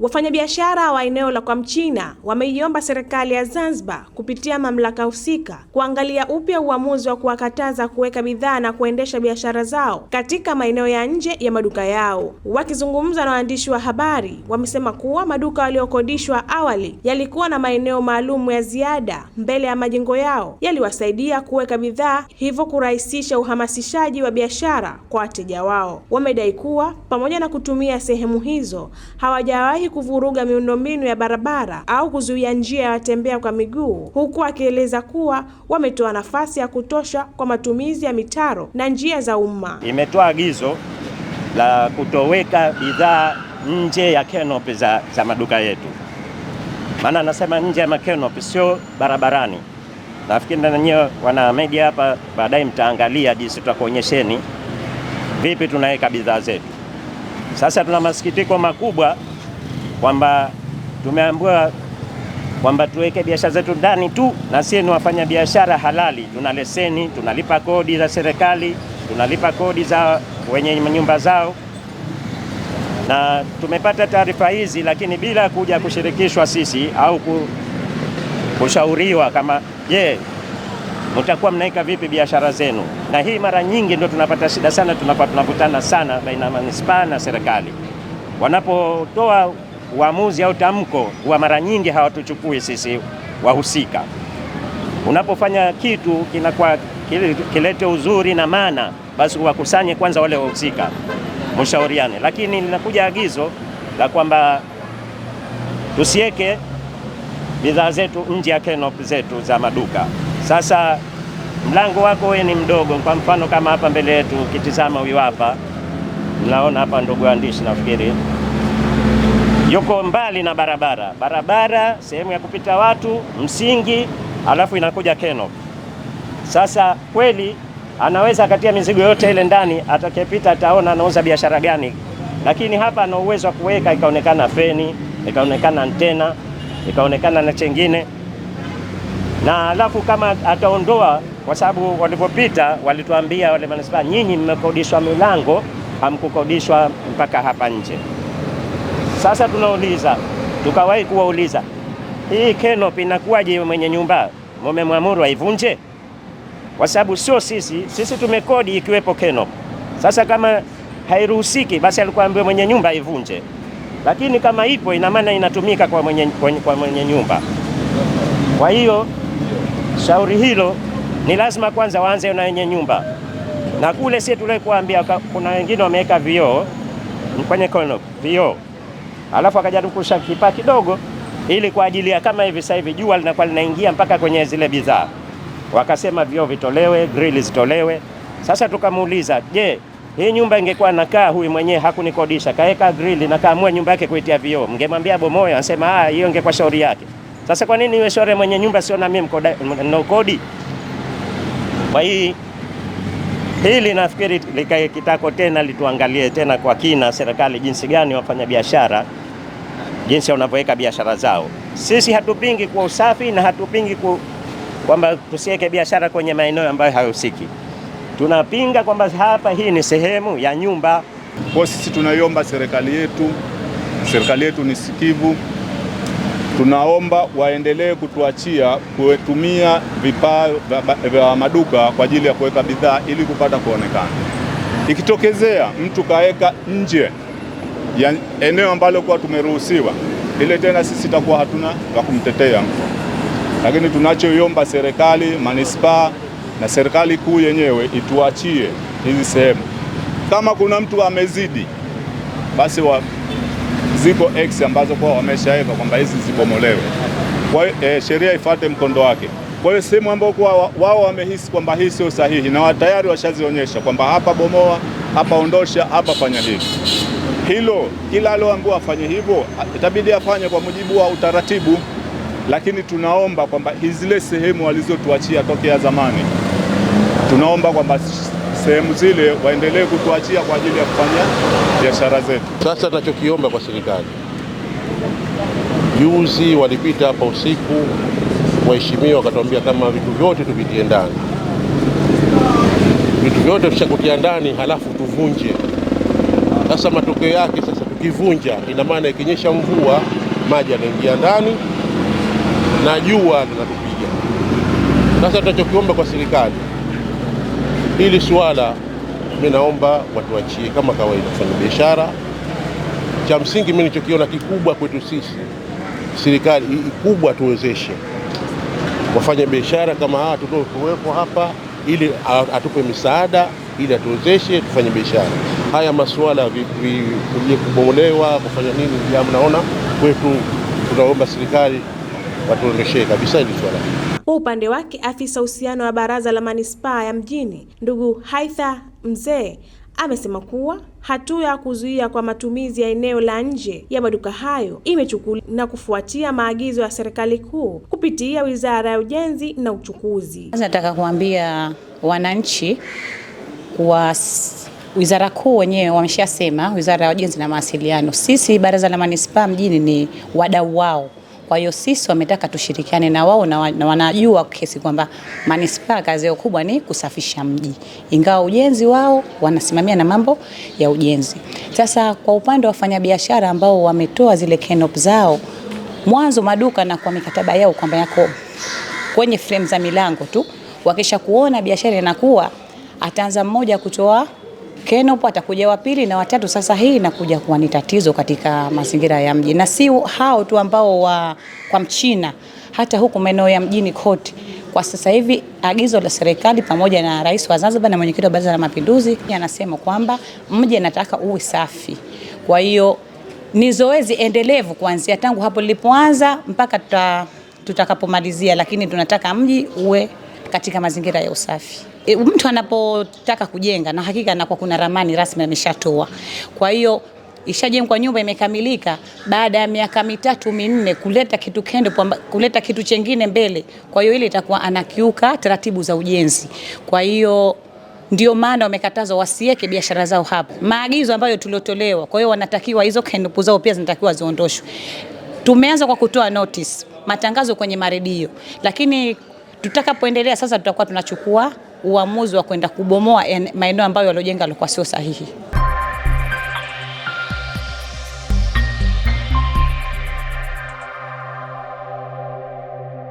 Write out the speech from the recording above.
Wafanyabiashara wa eneo la kwa Mchina wameiomba serikali ya Zanzibar kupitia mamlaka husika kuangalia upya uamuzi wa kuwakataza kuweka bidhaa na kuendesha biashara zao katika maeneo ya nje ya maduka yao. Wakizungumza na waandishi wa habari, wamesema kuwa maduka waliokodishwa awali yalikuwa na maeneo maalum ya ziada mbele ya majengo yao, yaliwasaidia kuweka bidhaa, hivyo kurahisisha uhamasishaji wa biashara kwa wateja wao. Wamedai kuwa pamoja na kutumia sehemu hizo hawajawahi kuvuruga miundombinu ya barabara au kuzuia njia ya watembea kwa miguu, huku akieleza kuwa wametoa nafasi ya kutosha kwa matumizi ya mitaro na njia za umma. Imetoa agizo la kutoweka bidhaa nje ya kenopi za, za maduka yetu, maana anasema nje ya makenopi, sio barabarani. Nafikiri nanyewe wana media hapa, baadaye mtaangalia jinsi tutakuonyesheni vipi tunaweka bidhaa zetu. Sasa tuna masikitiko makubwa kwamba tumeambiwa kwamba tuweke biashara zetu ndani tu, na sie ni wafanya biashara halali, tuna leseni, tunalipa kodi za serikali, tunalipa kodi za wenye nyumba zao, na tumepata taarifa hizi, lakini bila kuja kushirikishwa sisi au kushauriwa kama je, yeah, mtakuwa mnaweka vipi biashara zenu. Na hii mara nyingi ndio tunapata shida sana, tunakuwa tunakutana sana baina ya manispaa na serikali wanapotoa uamuzi au tamko wa mara nyingi hawatuchukui sisi wahusika. Unapofanya kitu kinakuwa kilete uzuri na maana, basi wakusanye kwanza wale wahusika, mshauriane. Lakini linakuja agizo la kwamba tusiweke bidhaa zetu nje ya kenop zetu za maduka. Sasa mlango wako wewe ni mdogo. Kwa mfano kama hapa mbele yetu, ukitizama huyu hapa, mnaona hapa, ndugu waandishi, nafikiri yuko mbali na barabara, barabara sehemu ya kupita watu msingi, alafu inakuja keno. Sasa kweli anaweza akatia mizigo yote ile ndani, atakayepita ataona anauza biashara gani, lakini hapa ana uwezo wa kuweka ikaonekana feni, ikaonekana antena, ikaonekana na chengine na alafu kama ataondoa, kwa sababu walipopita walituambia wale manispaa, nyinyi mmekodishwa milango, hamkukodishwa mpaka hapa nje. Sasa tunauliza tukawahi kuwauliza hii kenopi inakuwaje? Mwenye nyumba mmemwamuru aivunje? Kwa sababu sio sisi, sisi tumekodi ikiwepo keno Sasa kama hairuhusiki, basi alikuambiwa mwenye nyumba aivunje, lakini kama ipo, ina maana inatumika kwa mwenye, kwa mwenye nyumba. Kwa hiyo shauri hilo ni lazima kwanza waanze na wenye nyumba, na kule sisi tulikuambia, kuna wengine wameweka vioo kwenye kenopi, vioo alafu akajaribu kusha kipaa kidogo, ili kwa ajili ya kama hivi sasa hivi jua linakuwa linaingia mpaka kwenye zile bidhaa. Wakasema vioo vitolewe, grill zitolewe. Sasa tukamuuliza, je, hii nyumba ingekuwa nakaa huyu mwenyewe hakunikodisha, kaeka grill na kaamua nyumba yake kuitia vioo, mngemwambia bomoyo? Anasema ah, hiyo ingekuwa shauri yake. Sasa kwa nini iwe shauri mwenye nyumba, sio na mimi mkoda no kodi? Kwa hii hili nafikiri likae kitako tena, lituangalie tena kwa kina serikali, jinsi gani wafanyabiashara jinsi wanavyoweka biashara zao. Sisi hatupingi kwa usafi na hatupingi kwamba tusiweke biashara kwenye maeneo ambayo hayahusiki. Tunapinga kwamba hapa hii ni sehemu ya nyumba. Kwa sisi tunaiomba serikali yetu, serikali yetu ni sikivu, tunaomba waendelee kutuachia kutumia vipaa vya maduka kwa ajili ya kuweka bidhaa ili kupata kuonekana. Ikitokezea mtu kaweka nje ya eneo ambalo kwa tumeruhusiwa ile, tena sisi takuwa hatuna la kumtetea mtu, lakini tunachoiomba serikali manispaa na serikali kuu yenyewe ituachie hizi sehemu. Kama kuna mtu amezidi, basi wa ziko x ambazo kwa wameshaweka kwamba hizi zibomolewe, kwa e, sheria ifate mkondo wake. Kwa hiyo sehemu ambao kwa wao wamehisi kwamba hii sio sahihi na tayari washazionyesha kwamba hapa bomoa, hapa ondosha, hapa fanya hivi hilo kila aloambiwa afanye hivyo itabidi afanye kwa mujibu wa utaratibu, lakini tunaomba kwamba zile sehemu walizotuachia tokea zamani, tunaomba kwamba sehemu zile waendelee kutuachia kwa ajili ya kufanya biashara zetu. Sasa tunachokiomba kwa serikali, juzi walipita hapa usiku waheshimiwa wakatuambia kama vitu vyote tuvitie ndani, vitu vyote tushakutia ndani, halafu tuvunje sasa matokeo yake sasa, tukivunja, ina maana ikinyesha mvua maji yanaingia ndani na jua linatupiga. Sasa tunachokiomba kwa serikali, hili swala mimi naomba watuachie kama kawaida, fanya biashara. Cha msingi mimi nilichokiona kikubwa kwetu sisi, serikali kubwa tuwezeshe wafanya biashara kama hawa tuliokuwepo hapa, ili atupe misaada ili atuwezeshe tufanye biashara. Haya masuala vikuja kubomolewa kufanya nini, jambo naona kwetu, tunaomba serikali watuondeshee kabisa hili swala. Kwa upande wake, afisa uhusiano wa baraza la manispaa ya mjini ndugu Haitha Mzee amesema kuwa hatua ya kuzuia kwa matumizi ya eneo la nje ya maduka hayo imechukuliwa na kufuatia maagizo ya serikali kuu kupitia Wizara ya Ujenzi na Uchukuzi. Nataka kuambia wananchi wa wizara kuu wenyewe wameshasema, wizara ya ujenzi na mawasiliano. Sisi baraza la manispaa mjini ni wadau wao, kwa hiyo sisi wametaka tushirikiane na wao na, na wanajua kesi kwamba manispaa kazi yao kubwa ni kusafisha mji, ingawa ujenzi wao wanasimamia na mambo ya ujenzi. Sasa kwa upande wa wafanyabiashara ambao wametoa zile kenop zao mwanzo maduka na kwa mikataba yao kwamba yako kwenye frame za milango tu, wakisha kuona biashara inakuwa ataanza mmoja kutoa kenopo, atakuja wa pili na watatu. Sasa hii inakuja kuwa ni tatizo katika mazingira ya mji, na si hao tu ambao wa kwa mchina, hata huku maeneo ya mjini kote. Kwa sasa hivi agizo la serikali pamoja na Rais wa Zanzibar na mwenyekiti wa Baraza la Mapinduzi anasema kwamba mji anataka uwe safi, kwa hiyo ni zoezi endelevu kuanzia tangu hapo lilipoanza mpaka tuta, tutakapomalizia, lakini tunataka mji uwe katika mazingira ya usafi. E, mtu anapotaka kujenga na hakika anakuwa kuna ramani rasmi ameshatoa. Kwa hiyo ishajengwa nyumba imekamilika, baada ya miaka mitatu minne kuleta kitu kendo, kuleta kitu chengine mbele. Kwa hiyo ile itakuwa anakiuka taratibu za ujenzi. Kwa hiyo ndio maana wamekatazwa wasiweke biashara zao hapo, maagizo ambayo tuliotolewa. Kwa hiyo wanatakiwa hizo kendo zao pia zinatakiwa ziondoshwe. Tumeanza kwa kutoa notice, matangazo kwenye maredio, lakini tutakapoendelea sasa tutakuwa tunachukua uamuzi wa kwenda kubomoa maeneo ambayo waliojenga yalikuwa sio sahihi.